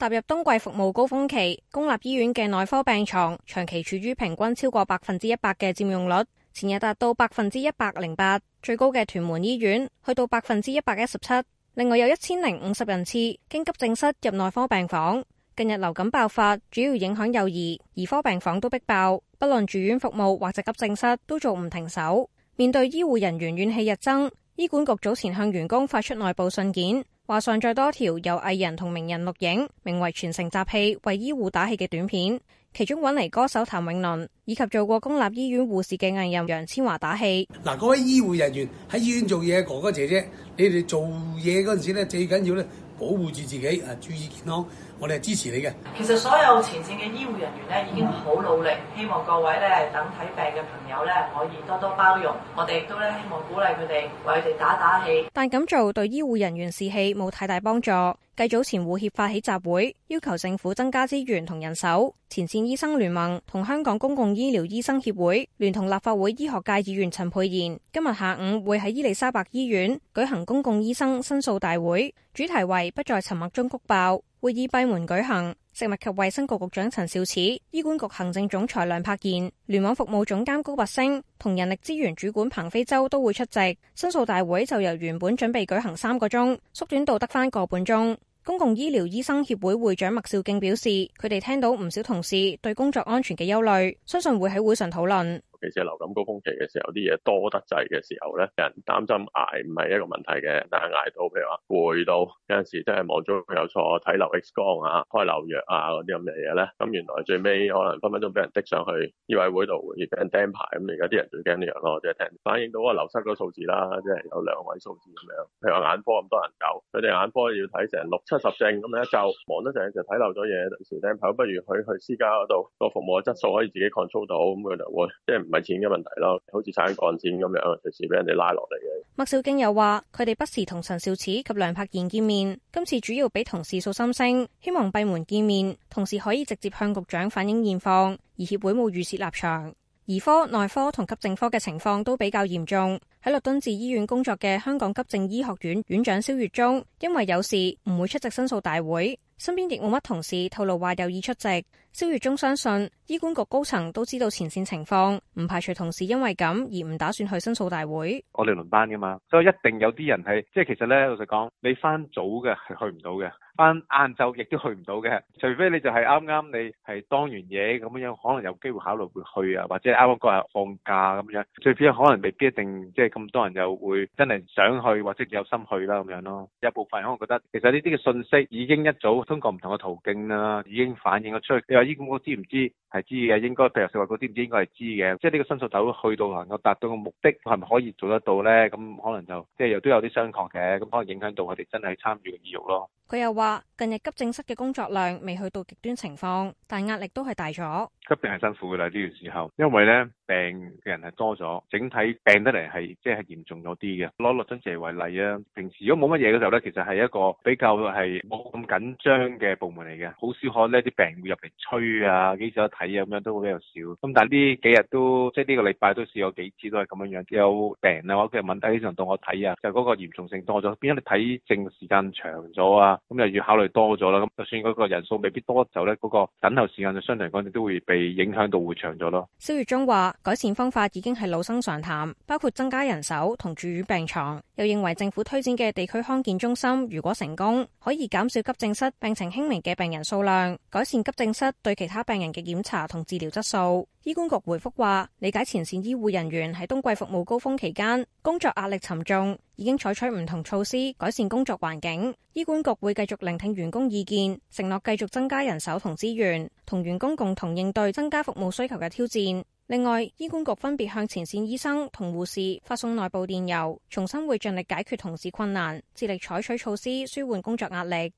踏入冬季服務高峰期，公立醫院嘅內科病床長期處於平均超過百分之一百嘅佔用率，前日達到百分之一百零八，最高嘅屯門醫院去到百分之一百一十七。另外有一千零五十人次經急症室入內科病房。近日流感爆發，主要影響幼兒，兒科病房都逼爆，不論住院服務或者急症室都做唔停手。面對醫護人員怨氣日增，醫管局早前向員工發出內部信件。話上載多條由藝人同名人錄影，名為全城集氣，為醫護打氣嘅短片，其中揾嚟歌手譚詠麟以及做過公立醫院護士嘅藝人楊千嬅打氣。嗱，各位醫護人員喺醫院做嘢，哥哥姐姐，你哋做嘢嗰陣時咧最緊要咧，保護住自己，誒注意健康，我哋係支持你嘅。其實所有前線嘅醫護人員咧已經好努力，希望各位咧等睇病嘅朋友咧可以多多包容，我哋亦都咧希望鼓勵佢哋為佢哋打打氣。但係咁做對醫護人員士氣冇太大幫助。繼早前護協發起集會，要求政府增加資源同人手。前線醫生聯盟同香港公共醫療醫生協會聯同立法會醫學界議員陳沛然，今日下午會喺伊麗莎白醫院舉行公共醫生申訴大會，主題為不在沉默中谷爆。會議閉門舉行，食物及衛生局局長陳肇始、醫管局行政總裁梁柏賢、聯網服務總監高拔升同人力資源主管彭飛洲都會出席。申訴大會就由原本準備舉行三個鐘，縮短到得返個半鐘。公共醫療醫生協會會長麥肇敬表示，佢哋聽到唔少同事對工作安全嘅憂慮，相信會喺會上討論。其實流感高峰期嘅時候，啲嘢多得滯嘅時候咧，人擔心捱唔係一個問題嘅，但係捱到譬如話攰到有陣時，真係望咗佢有錯睇漏 X 光啊、開漏藥啊嗰啲咁嘅嘢咧，咁、嗯、原來最尾可能分分鐘俾人滴上去醫委會度，會俾人釘牌。咁而家啲人最驚呢樣咯，即係反映到嗰個流失嗰個數字啦，即係有兩位數字咁樣。譬如話眼科咁多人走，佢哋眼科要睇成六七十症，咁樣一週望得剩就睇漏咗嘢，同時釘牌，不如佢去，去私家嗰度個服務嘅質素可以自己 control 到咁佢就會，即係。唔係錢嘅問題咯，好似踩緊鋼線咁樣，隨時俾人哋拉落嚟嘅。麥少敬又話：佢哋不時同陳少始及梁柏然見面，今次主要俾同事訴心聲，希望閉門見面，同時可以直接向局長反映現況。而協會冇預設立場。兒科、內科同急症科嘅情況都比較嚴重。喺律敦治醫院工作嘅香港急症醫學院，院院長蕭月中，因為有事唔會出席申訴大會，身邊亦冇乜同事透露話有意出席。蕭月中相信。醫管局高層都知道前線情況，唔排除同事因為咁而唔打算去申訴大會。我哋輪班噶嘛，所以一定有啲人係即係其實咧老實講，你翻早嘅係去唔到嘅，翻晏晝亦都去唔到嘅，除非你就係啱啱你係當完嘢咁樣，可能有機會考慮會去啊，或者啱啱嗰日放假咁樣。最屘可能未必一定即係咁多人又會真係想去或者有心去啦咁樣咯。有部分人我覺得其實呢啲嘅信息已經一早通過唔同嘅途徑啦，已經反映咗出去。你話醫管局知唔知？係知嘅，應該譬如食話嗰啲唔知應該係知嘅，即係呢個申訴走去到能夠達到個目的，係咪可以做得到咧？咁可能就即係又都有啲商榷嘅，咁可能影響到我哋真係參與嘅意欲咯。佢又話：近日急症室嘅工作量未去到極端情況，但壓力都係大咗。急症係辛苦嘅啦，呢段時候，因為咧病人係多咗，整體病得嚟係即係嚴重咗啲嘅。攞羅俊傑為例啊，平時如果冇乜嘢嘅時候咧，其實係一個比較係冇咁緊張嘅部門嚟嘅，好少可呢啲病人入嚟催啊，幾時睇啊咁樣都會比較少。咁但係呢幾日都即係呢個禮拜都試過幾次都係咁樣樣，有病啊或者問題幾時到我睇啊，就嗰個嚴重性多咗，變咗你睇症時間長咗啊！咁又要考慮多咗啦，咁就算嗰個人數未必多就咧，嗰個等候時間就相對嚟講，你都會被影響到會長咗咯。蕭粵中話：改善方法已經係老生常談，包括增加人手同住院病床。又認為政府推展嘅地區康健中心如果成功，可以減少急症室病情輕微嘅病人數量，改善急症室對其他病人嘅檢查同治療質素。醫管局回覆話：理解前線醫護人員喺冬季服務高峰期間。工作壓力沉重，已經採取唔同措施改善工作環境。醫管局會繼續聆聽員工意見，承諾繼續增加人手同資源，同員工共同應對增加服務需求嘅挑戰。另外，醫管局分別向前線醫生同護士發送內部電郵，重申會盡力解決同事困難，致力採取措施舒緩工作壓力。